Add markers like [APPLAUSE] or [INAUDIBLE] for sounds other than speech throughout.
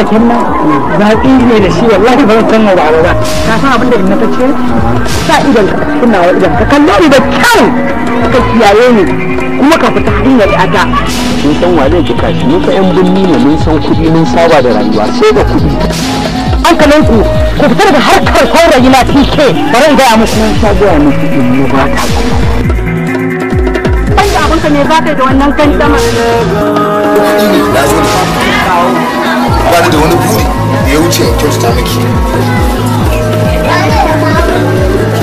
raken nan zaƙi ne da shi wallahi ba zan wa ba ka san abin da inna ta ce sa idan ka kunna wa idan ka kallo ni da kyau ka kiyaye ni kuma ka fita hanyar ada mun san wa zai kika shi mun fa yan birni ne mun san kuɗi mun saba da rayuwa sai da kuɗi an kalan ku ku fitar da harkar saurayi na tike bari in gaya muku mun sha gaya muku in mu ba ta abinka ne ba kai da wannan kan sama. ba da wani buri da ya wuce in kyautata miki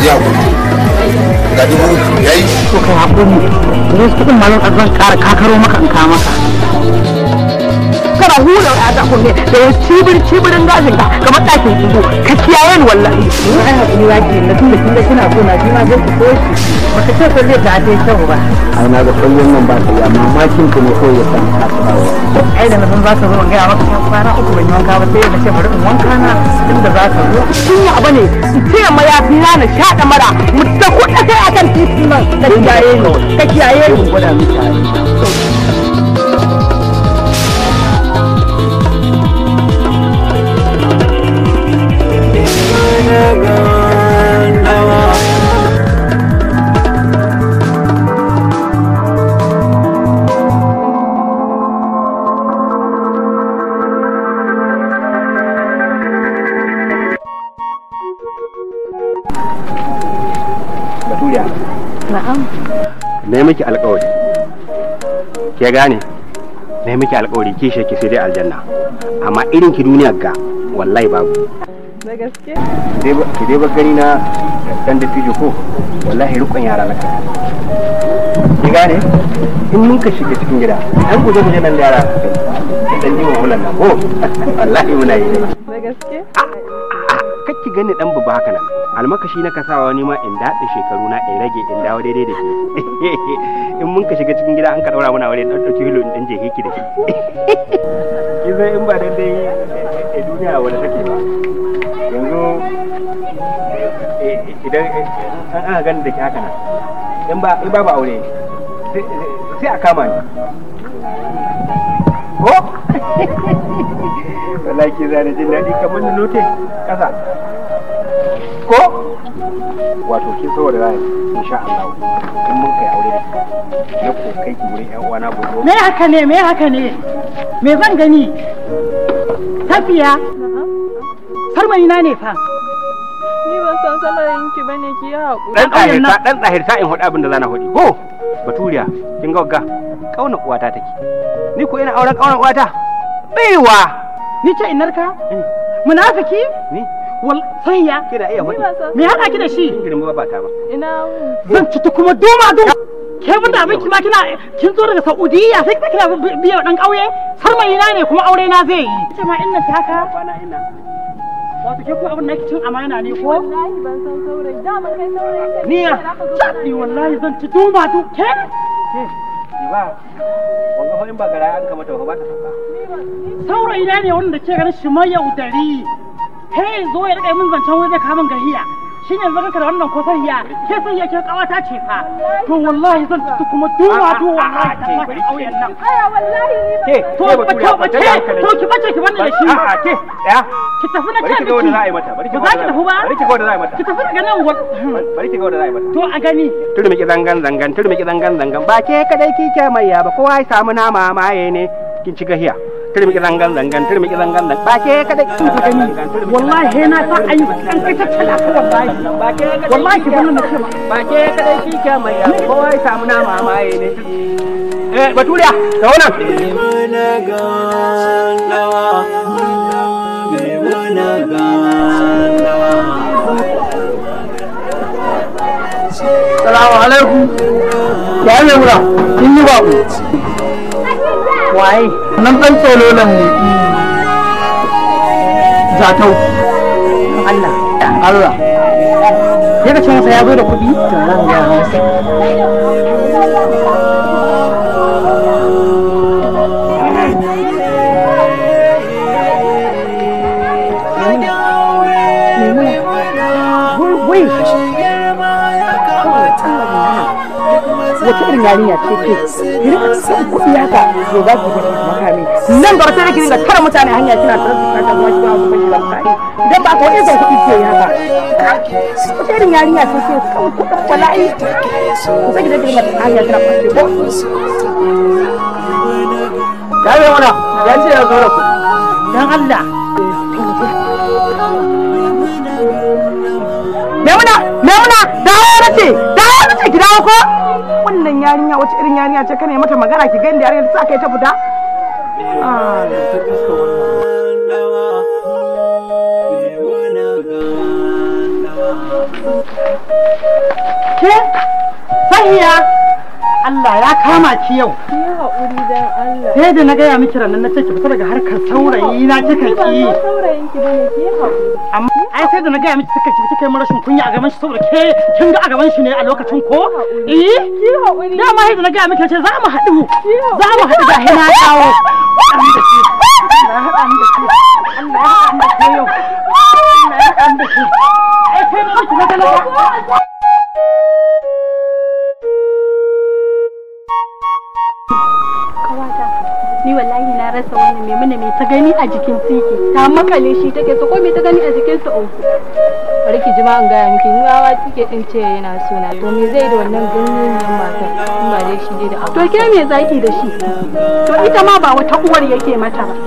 ya gudu ga dubu ya yi ko kai haƙuri ne kudin malam ƙara kakaro maka in maka kana hula a ta kunne da ya cibir cibirin gashin ka kamar ɗakin kibo ka kiyaye ni wallahi ni ai hakuri ya ke na tunda kin ga kina so na ji ma zai ku koshi baka ce ko zai ta ta kyau ba ai na ga kallon nan ba ta ya mamakin ku ne ko ya san ka ba ai da na san za ka zo ga ya maka fara uku ban wanka ba sai da ce bari in wanka na tunda za ka zo kin ya bane ce ma ya fi na da mara mu ta kuɗa kai akan titi nan ka kiyaye ni ka kiyaye ni gwada mutane ke gane na yi miki alkawari kishe ki sai dai aljanna amma irin ki duniya ga wallahi babu da gaske ki dai ba gani na dan da fijo ko wallahi rukun yara na kai ki gane in mun ka shiga cikin gida an guje guje nan da yara dan ji wa hulan nan ko [LAUGHS] wallahi muna yi da gaske ah, ah, gani dan babu haka nan almakashi na kasawa wani ma in daɗe shekaru na in rage in dawo daidai da shi [LAUGHS] in mun ka shiga cikin gida an ka daura muna wani dan dauki hilo dan je hiki da shi [LAUGHS] kiza in ba dan dai a eh, eh, duniya wala take ba yanzu eh, idan an aka gani da ke haka nan in ba in babu aure sai a kama ni ko [LAUGHS] wallahi ke zane jin daɗi kamar na note ƙasa ko wato kin kawo da rai sha Allah in mun kai aure da ki na ko kai ki wurin ƴan na gobe me haka ne me haka ne me zan gani tafiya sarmani na ne fa ni ba san salarin ki bane ki ya hakuri dan tsahir ta dan tsahir in hudu abin da zana hudu ho baturiya kin ga wagga kauna uwata take ni ko ina auren kauna uwata baiwa ni ce inarka eh. munafiki ni wal sahiya kina iya faɗi me haka ki da shi ba ta ba ina zan ci ta kuma doma doma ke mun da abinki ma kina kin zo daga Saudiya sai kina biya dan kauye sarmai na ne kuma aure na zai yi ce ma inna ta kwana ina wato ke ku abin amana ne ko wallahi ban san saurayi dama kai saurayi kai niya ni wallahi zan ci doma do ke ke ba wanga fa in ba gara an kamata ba ta saurayi na ne wanda ke ganin shi mai yaudari sai ya zo ya rika min zancen wai zai kamun gahiya shi ne zaka da wannan ko sahiya ke sahiya ke kawata ce fa to wallahi zan tutu kuma duma to wallahi ta fata auyen nan aya wallahi ke to bace bace to ki bace ki wannan shi a'a ke daya ki tafi na kan biki za a yi mata bari ki tafi ki ga wanda za a yi mata ki tafi daga bari ki ga wanda za a yi mata to a gani turmi ki zangan zangan turmi ki zangan zangan ba ke kadai kike mai ya ba kowa ya samu nama maye ne kin ci gahiya turmiki zangan zangan turmiki zangan zangan ba ke kada gani wallahi he na san an an kai wallahi ba ke kada wallahi ki bana mace ba ke kada ki ke mai kowa ya samu nama mai ne eh baturiya wannan mana ga lawa mana ga lawa alaikum. Ya ne mura, kin yi babu. wai nan dan ne za ta Allah Allah ya ga cewa sai ya zo da kuɗi to zan ga masa wata ce kuɗi haka to za ki gudu makami nan gaba sai da tara mutane hanya kina kaka kuma ba ku ba kai idan ba kuɗi ke haka ce sai hanya kina kwashe ya ce ya zo ku. Dan Allah. ki ko wannan yarinya wace irin yarinya ce kane mata magana ki gani da yarinya ta sake ta fita Yeah. Allah ya kama ki yau. Sai da na gaya miki ranar na ce ki fita daga harkar saurayi na kika ki. ai sai da na gaya miki kika ki kika yi rashin kunya a gaban shi saboda ke kin ga a gaban shi ne a lokacin ko? Eh? Da ma sai da na gaya miki ce za mu haɗu. Za mu haɗu ga hina kawo. na kawata ni wallahi na rasa wannan mai mana mai ta gani a jikin tiki ta makale shi take so ko mai ta gani a jikin su bari ki ji ma an gaya miki ni ma kike din ce yana so na to me zai da wannan ganyen matan in ba dai shi dai da to ke me zaki da shi to ita ma ba wata uwar yake mata ba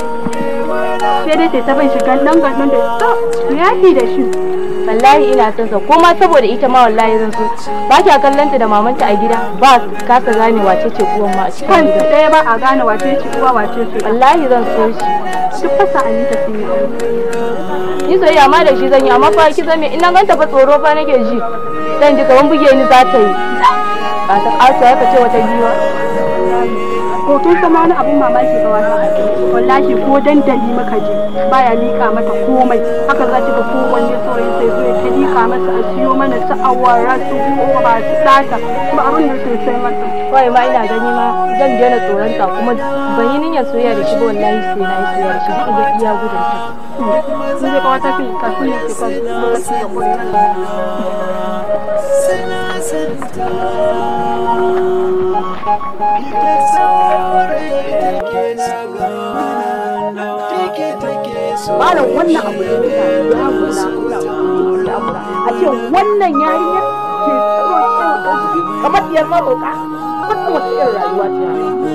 sai dai ta ban shi gandan gandan da to me yaki da shi wallahi ina son sa ko ma saboda ita ma wallahi zan so ba kya kallanta da mamanta a gida ba ka gane wace ce uwan ma a cikin gida ɗaya ba a gane wace ce uwa wace ce wallahi zan so shi duk fasa anita sun yi ni yi ma da shi zan yi amma fa ki zame ina ganta fa tsoro fa nake ji dan ji kaman buge ni za ta yi ba ta ka ce wata giwa ko kin san wani abin mamaki ga wala wallahi ko dandali maka je baya mika mata komai haka za ki ga kowanne saurin sai zo ya ta mika masa a siyo mana su awara su ba su sata kuma abin da sai sai mata wai ma ina gani ma zan daina tsoron ta kuma ban yi niyyar soyayya da shi ba wallahi sai na yi soyayya da shi zan iya iya gudun ta sai ka wata fi ka ki ka da kuma ita sabuwar ita ke na gana take take so malam wannan abu ne da ya kula da amura a ce wannan yarinya ke kamar diyar maboka wannan wata irin rayuwa ce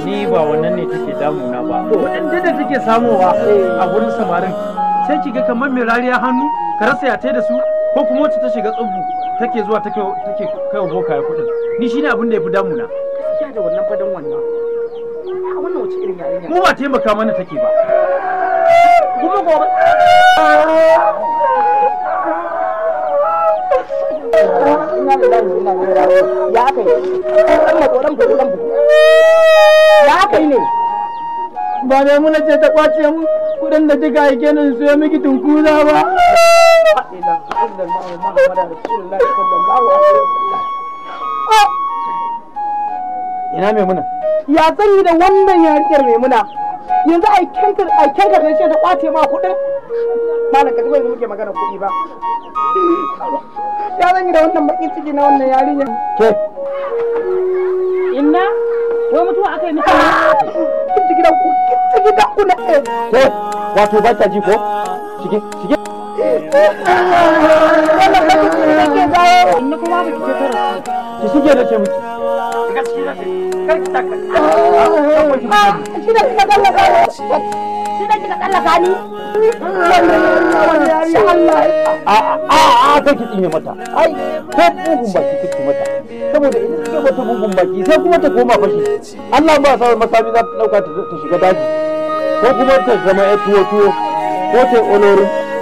ni ba wannan ne take damuna ba kuɗin da take samowa a wurin samarin sai ki ga kamar mai rariya hannu ka rasa ya da su ko kuma wacce ta shiga tsubu take zuwa take kai wa boka ya kuɗin ni shine abin da ya fi damuna da wannan fadan wannan a wannan wace irin yarinya mu ba taimaka mana take ba kuma gobe ya buku ya ne ba mai muna ce ta kwace mu kudin da kika aike genin su ya miki tunkuna ba ila illallah muhammadar ina maimuna ya zan yi da wannan yarinyar maimuna yanzu a kyantar a kyantar da shi ta kwace ma kuɗin malam ka zuba yanzu muke magana kuɗi ba ya zan yi da wannan baƙin ciki na wannan yarinyar ke inna wai mutuwa aka yi mutu kin ciki da ku kin ciki da ku na ke wato ba ta ji ko shige shige wannan kuma ki ce ta ce kai ki tsinye mata ai ko bugun baki kike mata saboda idan kike mata bugun baki sai kuma ta koma fashi Allah ba sa masami za ta dauka ta shiga daji ko kuma ta zama ya tuwo tuwo ko ta olorin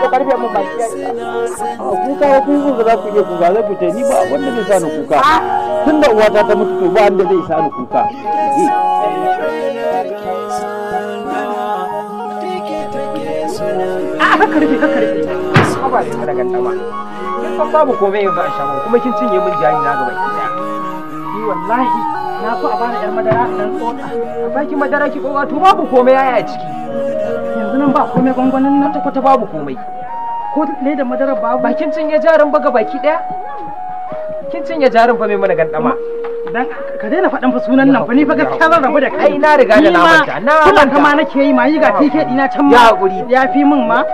ko karfe mun baki kuka wa kun kuka za ku iya kuka za ku ce ni ba wanda zai sa ni kuka ah! tun da uwata ta mutu to ba wanda zai sa ni kuka a ah, ka karfe ka karfe ka ba ka daga tama san babu komai ba a shago kuma kin cinye min jari na gaba ki daya ni wallahi na so a ba bani yar madara dan tsotsa a baki madara ki kowa to babu komai yaya a ciki yanzu nan ba komai gwangwanin nan kwata babu komai ko da madara babu ba kin cinye jarin ga baki daya kin cinye jarin fa mai mana gandama dan ka daina faɗan fa sunan nan fa ni fa gaskiya zan rabu da kai ai na riga da na na manta kuma ma nake yi ma yi ga tike dina can ma ya fi min ma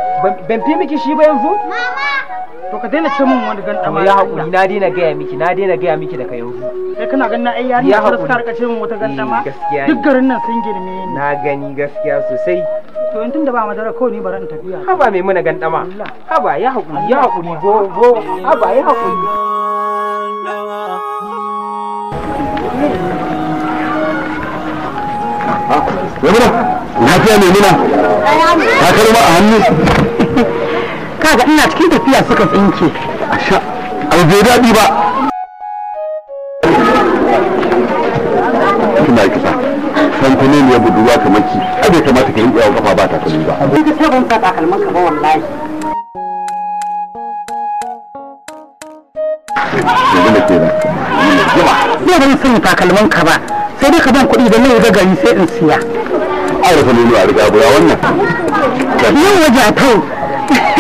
ban fi miki shi ba yanzu mama to ka daina ce min wani ganda ma ya hakuri na daina gaya miki na daina gaya miki daga yanzu kai kana ganin na ai ya ni har suka rika ce min wata ganda ma eh, duk garin nan sun girme ni na gani gaskiya sosai to in tunda ba madara kawai ni bari in tafiya haba mai muna ganda ma haba ya hakuri ya hakuri go go haba ya hakuri ah, Yamina, lafiya mai nuna, ta kalma a hannu. kaga ina cikin tafiya suka tsinke abu bai daɗi ba kina kisa san ku ne ne budurwa kamar ki ai bai kamata ka yi yawan kafa ba takalmi ba ka ce ban sa takalmin ka ba wallahi yanzu da ke da yau ban sanya takalmin ka ba sai dai ka ban kuɗi da nan ga gari sai in siya ai da kalulu a riga bura wannan yau waje a na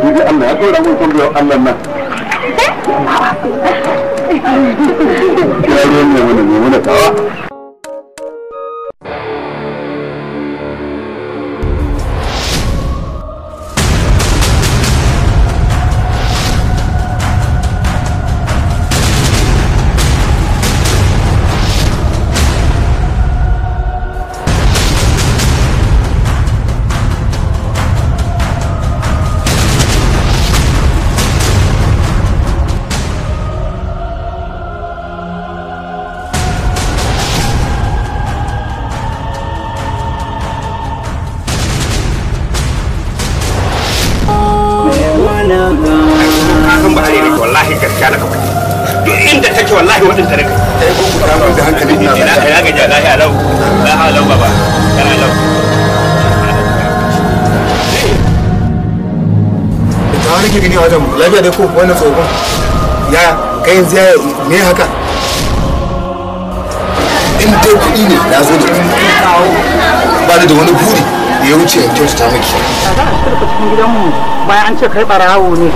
gode Allah ya Allah nan iri ne wajen lafiya dai ko wannan tsohon ya kai yanzu ya me haka in ta kuɗi ne na zo da ba da wani buri da ya wuce su ta maki Ba za bayan an ce kai ɓarawo ne.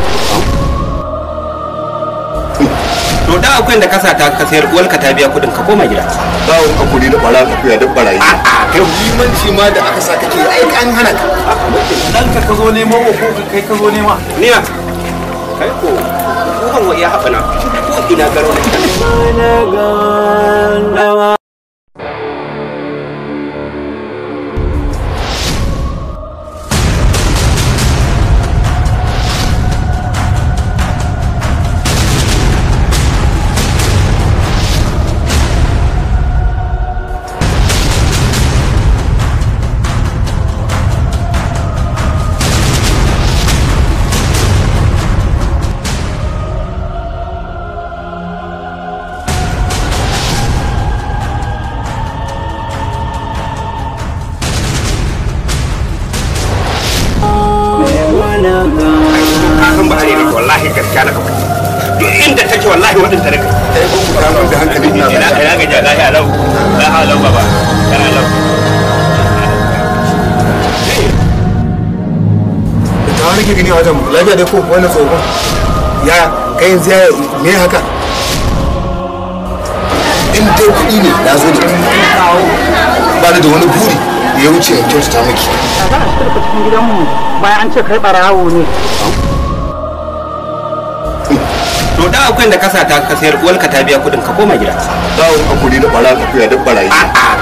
to da akwai da kasa ta ka sayar uwarka ta biya kudin ka koma gida ba wani ka kudi da bara ka fiya duk barayi a kai limanci ma da aka sa kake ai an hana ka dan ka ka zo nemo ko kai ka zo nema ni na kai ko kukan wa ya haɓana ko ina garo ne kai yanzu ya haka in dai kuɗi ne ya zo da ba da wani buri da ya wuce in kyautata miki ba a cikin gidanmu bayan an ce kai ɓarawo ne to da akwai da kasa ta ka sayar uwarka ta biya kudin ka koma gida za a ka kudi da bara ka kuya duk barayi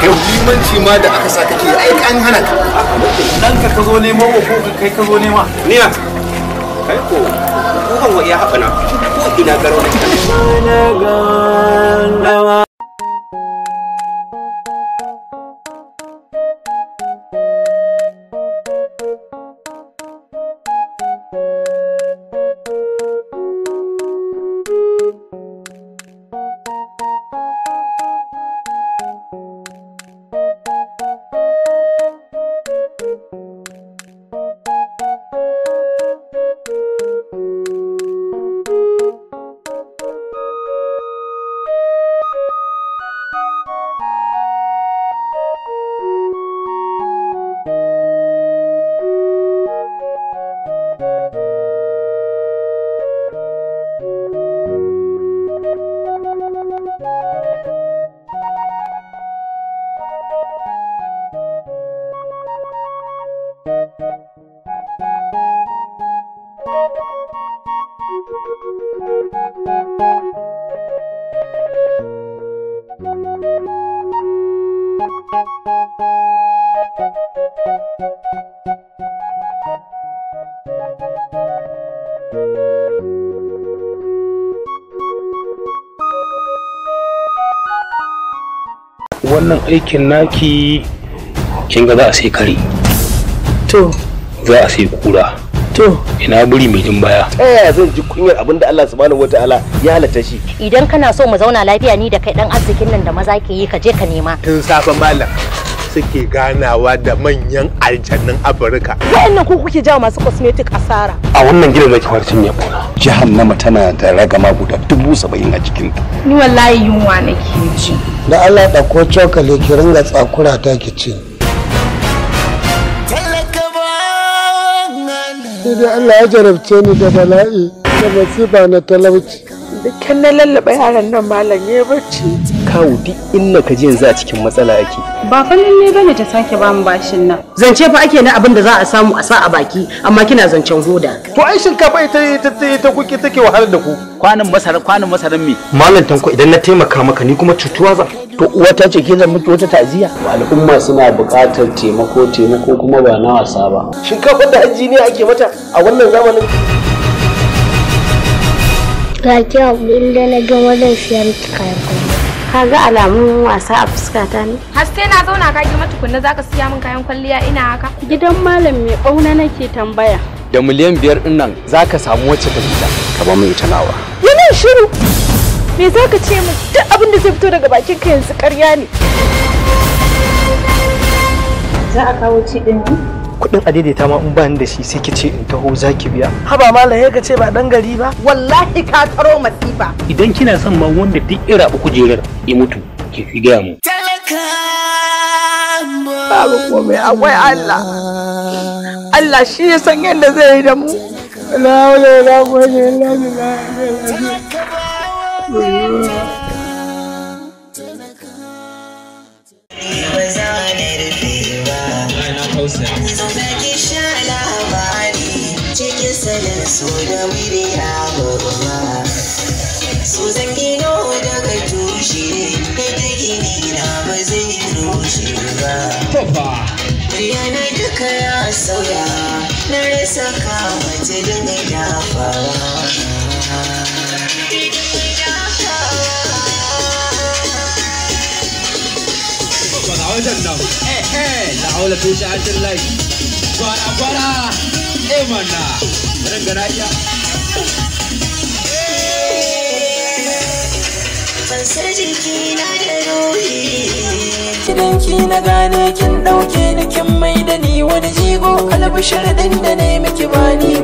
kai limanci ma da aka sa kake ai an hana ka dan ka ka zo nema ko kai ka zo nema ni na kai ko kan wa ya haɓana ko ina garwa wannan aikin naki kin ga za a sai kare to za a sai kura to ina buri mai jin baya ta yaya zan ji kunyar abinda Allah subhanahu wataala ya halatta shi idan kana so mu zauna lafiya ni da kai dan arzikin nan da maza ke yi ka je ka nema tun safan malam suke ganawa da manyan aljannin afirka wa'annan ku kuke jawo masu cosmetic asara a wannan gidan ke fara cinye bona jahannama tana da ragama guda dubu saba'in a cikin ta ni wallahi yunwa nake ji da Allah ko cokali ki ringa tsakura ta ki ci sai dai Allah ya jarabce ni da bala'i da masifa na talauci. Dukkan na lallaba yaran nan malam ya barci. kawo duk inna ka je za cikin matsala ake. Ba fannin ne bane ta sake ba mu bashin nan. Zance fa ake na abin da za a samu a sa a baki amma kina zancen hoda. To ai shinkafa ita ta ta kuke take wahalar da ku. Kwanan masara kwanan masaran me? Malam tanko idan na taimaka maka ni kuma cutuwa za. To uwa ta ce ke zan mutu wata ta'aziya. Al'umma suna buƙatar taimako taimako kuma ba na wasa ba. Shinkafa da haji ne ake mata a wannan zamanin. Ga kyau inda na ga wajen siyar kayan ka ga alamun wasa a fuskata ne haske na zauna ka gima tukunna zaka siya min kayan kwalliya ina haka gidan malam mai bauna nake tambaya da miliyan biyar din nan zaka samu wacce ta fita ka ba mu ita nawa yana shiru me zaka ce min duk abin da zai fito daga bakin ka yanzu ƙarya ne za a kawo ci din kuɗin a daidaita ma in bani da shi sai ki ce in taho za ki biya haba malam ya ce ba dan gari ba wallahi ka taro masifa idan kina son ma wanda duk ira ku kujerar ya mutu ki fi gaya mu babu komai akwai Allah Allah shi ya san yadda zai yi da mu la hawla hausa cikin salin su da miriya babba su zange daga tushe da gini na ba zai rushe ba Rihanna duka ya sauya na rasa kama ta dinga dafawa thousand now. Hey, hey, la ola tusha until like. Bara bara, emana, rangaraya. fasa jiki na da ruhi kidan ki na gane kin ɗauke ni kin mai da ni wani jigo albishir ɗin da ne miki bani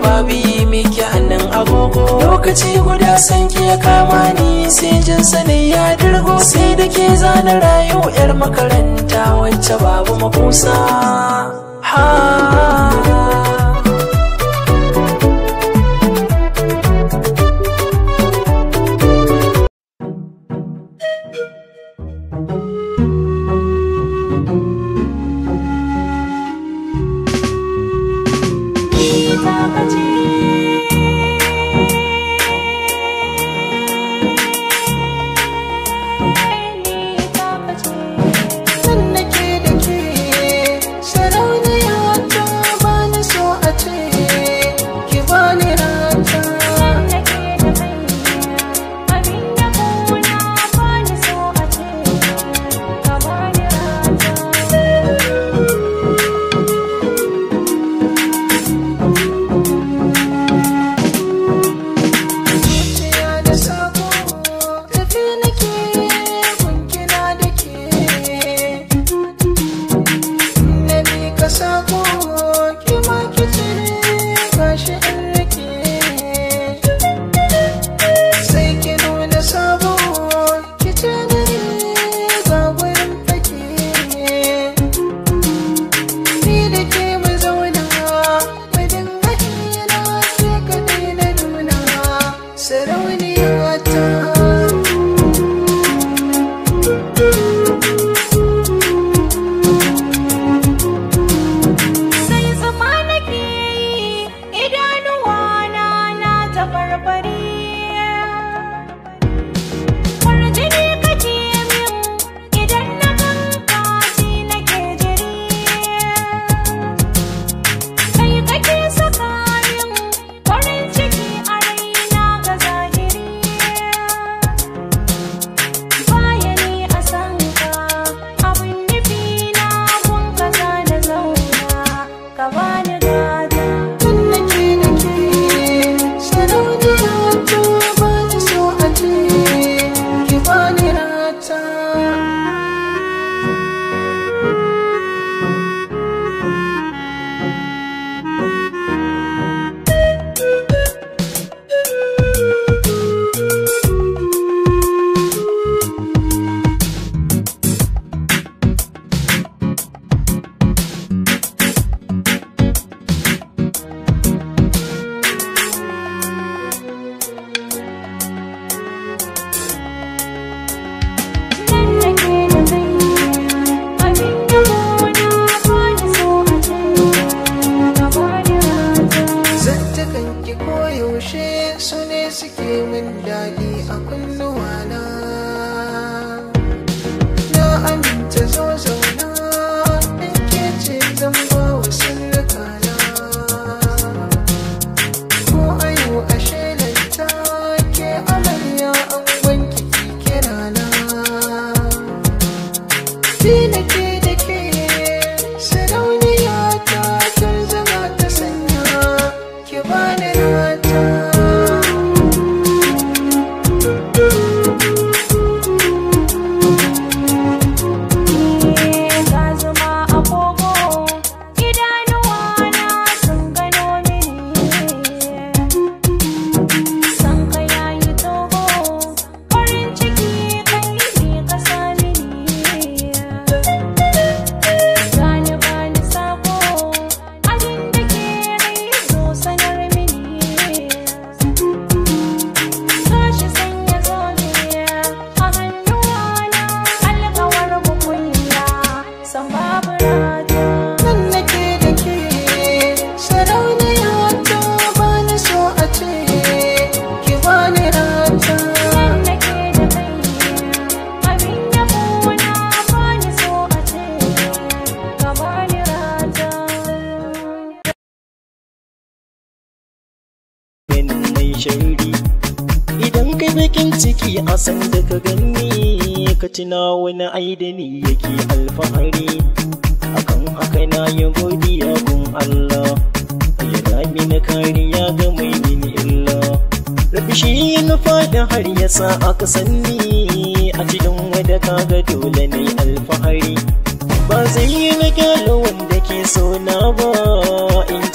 yi miki hannun agogo lokaci guda san ki ya kama ni sai jin sani ya dirgo sai da ke zana rayu yar makaranta wacce babu makusa ha ciki a san da ka gani ka tuna wani aidani yake alfahari akan haka na yi godiya gun Allah yana na kariya ga mai mini illa rabi shi na fada har ya sa aka sanni a cikin wadda ga dole ne alfahari ba zai yi na wanda ke so na ba in